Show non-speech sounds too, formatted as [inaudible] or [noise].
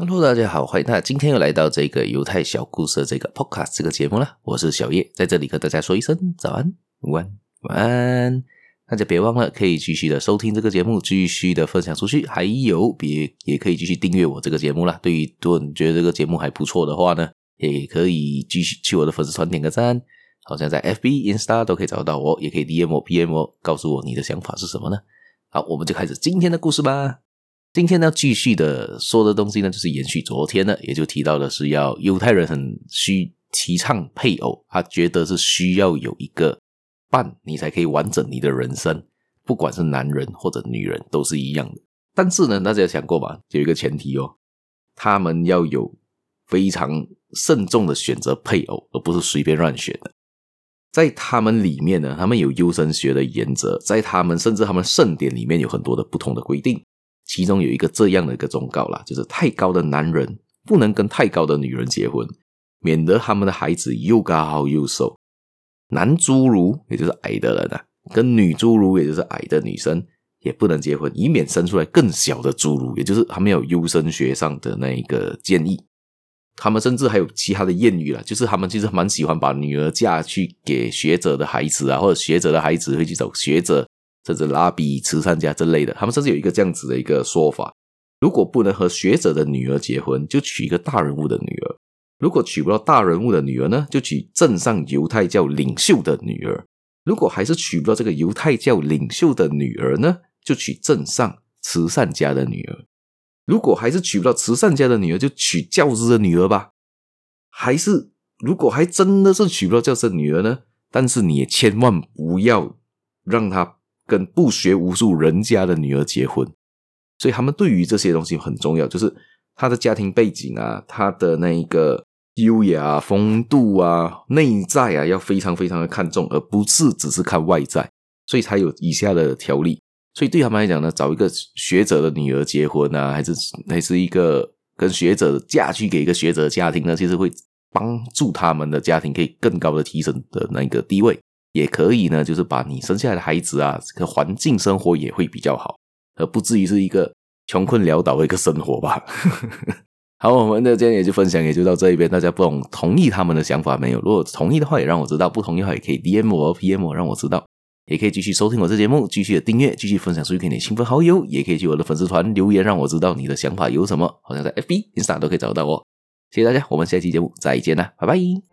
哈囉，大家好，歡迎大家，今天又來到這個猶太小故事的這個 Podcast 這個節目啦，我是小葉，在這裡和大家說一聲早安，午安，晚安。大家別忘了可以繼續的收聽這個節目，繼續的分享出去。還有，別也可以繼續訂閱我這個節目啦。對於你覺得這個節目還不錯的話呢，也可以繼續去我的粉絲團點個讚。好像在 FB、Insta 都可以找到我，也可以 DM 我、PM 我，告訴我你的想法是什麼呢？好，我們就開始今天的故事吧。今天呢，繼續的說的東西呢，就是延續昨天的，也就提到的是要，要猶太人很需提倡配偶，他覺得是需要有一個伴，你才可以完整你的人生，不管是男人或者女人都是一樣的。但是呢，大家想過吧，有一個前提哦，他們要有非常慎重的選擇配偶，而不是隨便亂選的。在他們裡面呢，他們有優生學的原則，在他們甚至他們聖典裡面有很多的不同的規定。其中有一個這樣的一個忠告啦，就是太高的男人不能跟太高的女人結婚，免得他們的孩子又高又瘦。男侏儒，也就是矮的人啊，跟女侏儒，也就是矮的女生也不能結婚，以免生出來更小的侏儒，也就是他們有優生學上的那一個建議。他們甚至還有其他的諺語啦，就是他們其實蠻喜歡把女兒嫁去給學者的孩子啊，或者學者的孩子會去找學者。甚至拉比、慈善家之類的，他們甚至有一個這樣子的一個說法，如果不能和學者的女兒結婚，就娶一個大人物的女兒。如果娶不到大人物的女兒呢，就娶鎮上猶太教領袖的女兒。如果還是娶不到這個猶太教領袖的女兒呢，就娶鎮上慈善家的女兒。如果還是娶不到慈善家的女兒，就娶教師的女兒吧。還是，如果還真的是娶不到教師的女兒呢，但是你也千萬不要讓他。跟不學無術人家的女兒結婚，所以他們對於這些東西很重要，就是他的家庭背景啊，他的那一個優雅啊、風度啊，內在啊，要非常非常的看重，而不是只是看外在，所以才有以下的條例。所以對他們來講呢，找一個學者的女兒結婚呢啊，還是還是一個跟學者嫁去給一個學者的家庭呢，其實會幫助他們的家庭可以更高的提升的那個地位。也可以呢，就是把你生下來的孩子啊，這個環境生活也會比較好，而不至於是一個窮困潦倒的一個生活吧。 [laughs] 好，我們的今天也就分享也就到這一邊，大家不同意他們的想法沒有？如果同意的話，也讓我知道；不同意的話，也可以 DM 我 PM 我，讓我知道。也可以繼續收聽我這節目，繼續的訂閱，繼續分享出去給你親朋好友，也可以去我的粉絲團留言，讓我知道你的想法有什麼。好像在 FB、Ins 都可以找到我。謝謝大家，我們下期節目再見啦，拜拜。